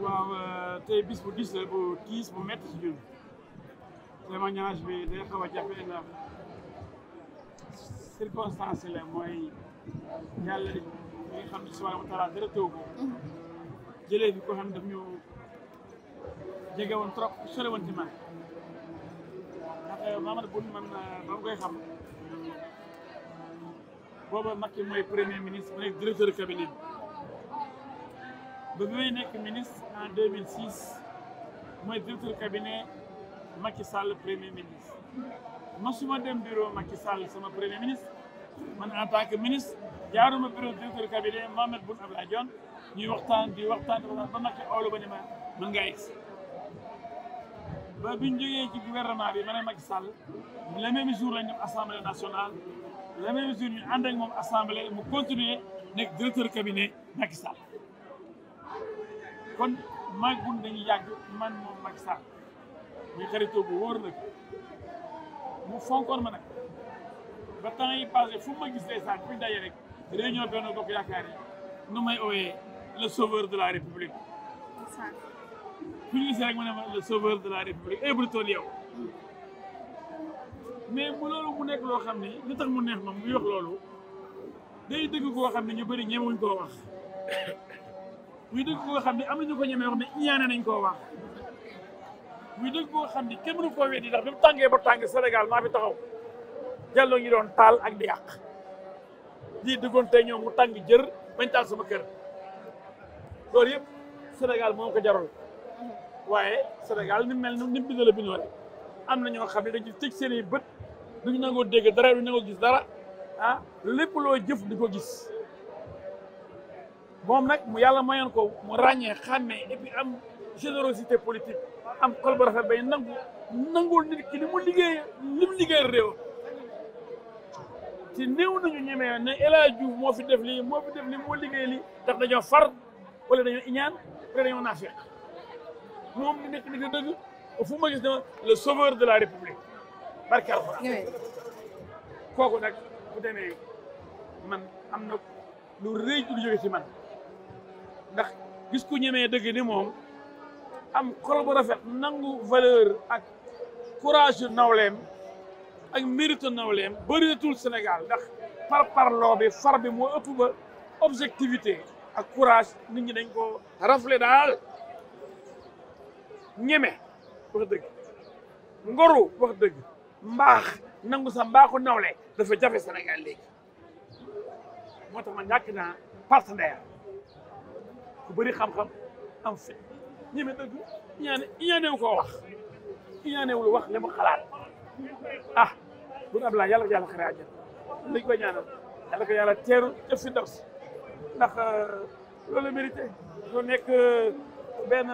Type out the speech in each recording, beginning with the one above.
waaw euh, tey bis bu diis bu tiis bu métti ci ñun témoignage bi day xaw a jafe ndax circonstance la mooy yàlla li nga xam mm-hmm. fi ko xam daf jege trop sore woon ci man ndax euh, Mamadou Boun man euh, ba mu koy xam booba Macky mooy premier ministre mu nekk directeur cabinet bi ba muy nekk ministre en 2006 mooy directeur cabinet Macky Sall premier ministre suma dem bureau Macky Sall sama premier ministre man en tant que ministre jaaruma bureau directeur cabinet Mahammed Boun Abdallah Dionne ñuy waxtaan di waxtaan ba Macky oolu ma mën ngaa ba biñ jógee ci gouvernement bi ma ne Macky Sall le même jour lañ dem assemblée nationale le même jour ñu ànd ak moom assemblée mu continuer nekk directeur cabinet Macky Sall kon maag gun dañuy yàgg man moom Macky Sall muy xaritoo bu wóor nag mu fonkoon ma nag ba temps yi passé fu ma gis day saan buñ daje rek réunion Benno Bokk Yaakaar nu may ooyee le sauveur de la République fu ñu gisee rek ma ne ma le sauveur de la république ay eh, bu tool yow mais bu loolu mu nekk loo xam ni li tax mu neex moom muy wax loolu day dëgg koo xam ne ñu bëri ñemewuñ koo wax muy dëgg xam ne am nañu ko ñemee wax mais nañ koo wax muy dëgg koo xam ne kenn mënu koo weddi ndax bi mu tàngee ba tàng Sénégal maa fi taxaw jalloo ngi doon taal ak di yàq lii dëggoon te ñoom mu tàng jër bañ taal sama kër loolu yëpp Sénégal moom ko jarol waaye Sénégal ni mel ni mu bindoo la bindoo rek am na ñoo xam ne dañuy tëj seen i bët ñu nangoo dégg dara duñu nangoo gis dara ah lépp loo jëf di ko gis. moom nag mu yàlla mayoon ko mu ràññee xàmmee et am générosité politique am xol bu bay nangu nangul nit ki li mu liggéey li mu liggéey réew si néew nañu ñemee ne El Hadj Diouf moo fi def lii moo fi def lii moo liggéey lii ndax dañoo far wala dañu iñaan wala moom mi nekk nit dëgg fu ma gis ne le sauveur de la république barke alxuraan kooku nag bu demee man am na lu rëy lu jóge ci man ndax gis ku ñemee dëgg ni moom am xol bu rafet nangu valeur ak courage nawleem ak mérite nawleem bëreetul Sénégal ndax par parloo bi far bi moo ëpp ba objectivité ak courage nit ñi dañ ko rafle daal ñeme wax dëgg ngoru wax dëgg mbaax nangu sa mbaaxu nawle dafa jafe Sénégal léegi moo tax ma ñàkk naa partenaire ku bëri xam-xam am ñeme dëgg ñaane ñaanewu ko wax ñaanewul wax li mu xalaat ah bu Abdoulaye yàlla ko yàlla xare àjjana liñ ko ñaanal yàlla ko yàlla teeru def fi ndax ndax euh, loolu mérité lu nekk euh, benn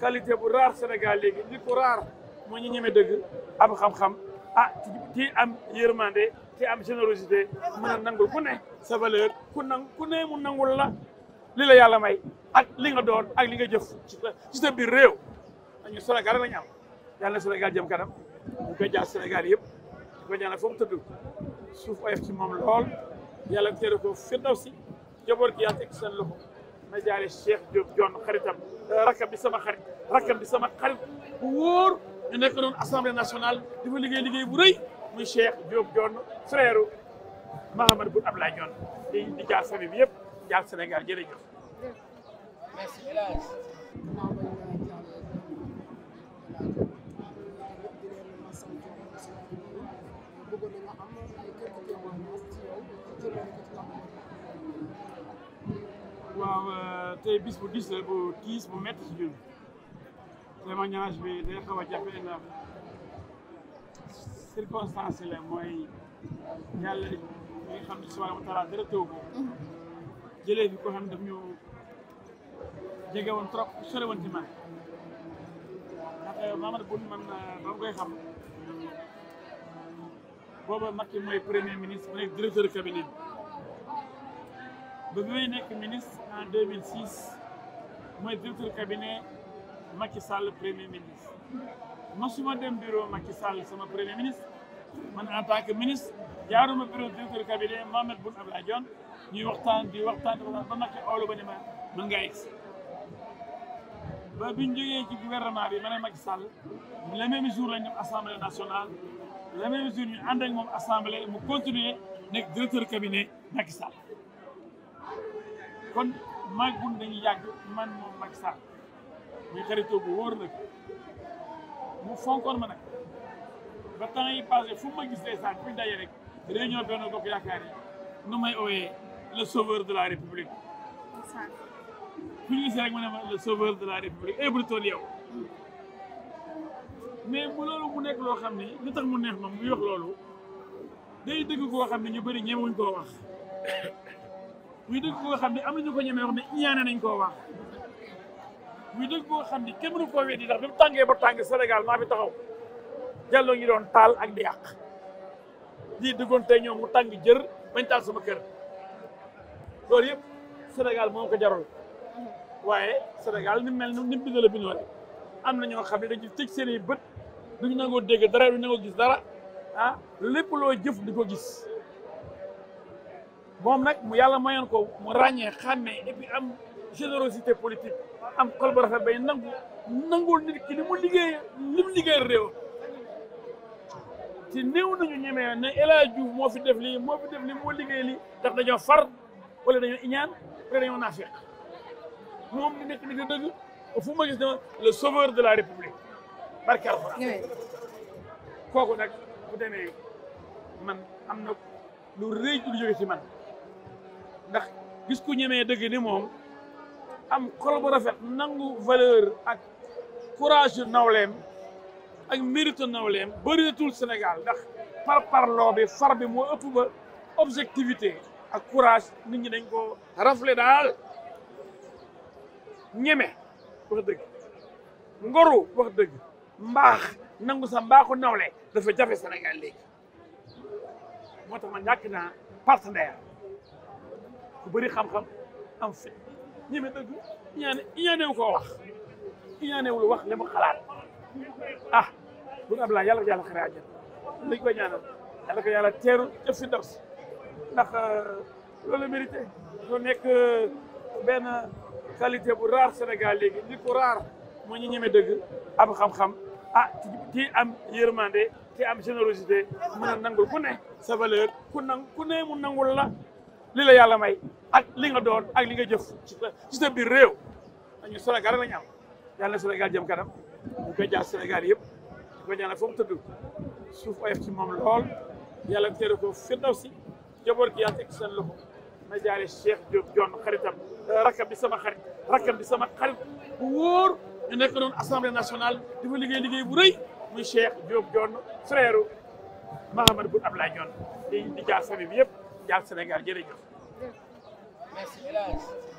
qualité bu raar Sénégal léegi nit ku raar moo ñu ñeme dëgg am xam-xam ah ci am yërmande ci am générosité mën a nangul ku ne sa ku nang ku ne mu nangul la li la yàlla may ak li nga doon ak li nga jëf ci sa biir réew ñu Sénégal lañu am yàlla na Sénégal jëm kanam ñu koy jaar Sénégal yëpp ñu koy foofu tëdd moom lool yàlla tere ko firdaw si njaboot gi yàlla teg seen loxo na jaare Cheikh John xaritam rakkam di sama xarit rakkam di sama xarit bu wóor ñu nekk noonu assemblée nationale di fa liggéey liggéey bu rëy muy Cheikh Diop Dione frère Mahamad Boun Abdallah Dione di di jaar famille bi yëpp jaar Sénégal jërëjëf. merci. bis bu dis la bu tiis bu métti ci ñun bi day xaw a jafe ndax circonstance la mooy yàlla li xam ne subhaanahu wa taala dara fi ko xam daf ñu jege woon trop sore woon ci man ndax Mamadou Boun man euh, ba koy xam booba Macky mooy premier ministre mu nekk directeur cabinet ba bi may nekk ministre en 2006 mooy directeur cabinet Macky Sall premier ministre masuma dem bureau Macky Sall sama premier ministre man en tant que ministre jaaruma bureau directeur cabinet Mohamed Boun Abdallah Dionne ñuy waxtaan di waxtaan ba Macky olo ba ne ma mën ngaa egsi ba biñ jógee ci gouvernement bi ma ne Macky Sall le même jour lañ dem assemblée nationale le même jour ñu ànd ak moom assemblée mu continuer nekk directeur cabinet Macky Sall maag bu dañuy yàgg man moom Macky Sall muy xaritoo bu wóor nag mu fonkoon ma nag ba temps yi passé fu ma gis ndeysaan bu ñu dajee rek réunion Benno Bokk Yaakaar yi nu may ooyee le sauveur de la république fu ñu gisee rek ma ne ma la république eh, loolu mu nekk loo xam ne li tax mu neex moom muy wax loolu day dëgg ko xam ne ñu bëri ñemewuñ koo wax muy dëgg boo xam ne am nañu ko ñemee wax ne ñaane nañ koo wax muy dëgg boo xam ne kenn mënu koo weddi ndax bi mu tàngee ba tàng Sénégal maa fi taxaw jàlloo ngi doon taal ak di yàq lii dëggoon tey ñoom mu tàng jër bañ taal sama kër loolu yëpp Sénégal moo ko jarul waaye Sénégal ni mel ni mu bindoo la bindoo am na ñoo xam ne dañuy tëj seen yi bët duñu nangoo dégg dara duñu nangoo gis dara ah lépp loo jëf di ko gis moom nag mu yàlla mayoon ko mu ràññee xàmmee et puis am générosité politique am xol bu rafet bay nangu nit ki li mu liggéey li mu liggéey réew ci néew nañu ñemee ne El Hadj moo fi def lii moo fi def lii moo liggéey lii ndax dañoo far wala dañoo iñaan wala dañoo naafeq moom ni nekk nit a dëgg fu ma gis ne le sauveur de la république barke alxuraan kooku nag bu demee man am na lu rëy lu jóge ci man ndax gis ku ñemee dëgg ni moom am xol bu rafet nangu valeur ak courage nawleem ak mérite nawleem bëreetul Sénégal ndax par parloo bi far bi moo ëpp ba objectivité ak courage nit ñi dañ ko rafle daal ñeme wax dëgg ngoru wax dëgg mbaax nangu sa mbaaxu nawle dafa jafe Sénégal léegi moo tax ma ñàkk naa partenaire ku bëri xam-xam am fit ñeme dëgg ñaane ñaanewu koo wax ñaanewul wax li mu xalaat ah bun Ablaye yàlla ko yàlla xare àjjana lañ koy ñaanal yàlla ko yàlla teeru ca fi ndaws ndax euh, loolu mérité lu nekk euh, benn qualité bu rare Sénégal léegi nit ku rare moo ñeme dëgg am xam-xam ah ci am yërmande ci am générosité mën a nangul ku ne sa valeur ku nang ku ne mu nangul la li la yàlla may ak li nga doon ak li nga jëf ci sa biir réew ñu Sénégal la ñu am yàlla na Sénégal jëm kanam ñu koy jaar Sénégal yëpp ñu koy ñaanal fa ci moom lool yàlla teere ko firdaw si njaboot gi yàlla teg seen loxo na jaare Cheikh Diop John xaritam rakkam bi sama xarit rakkam bi sama xarit bu wóor ñu nekk doon assemblée national di fa liggéey liggéey bu rëy muy Cheikh Diop John frère Mahamad Boun Abdallah Dionne di jaar famille yëpp jaar Sénégal jërëjëf merci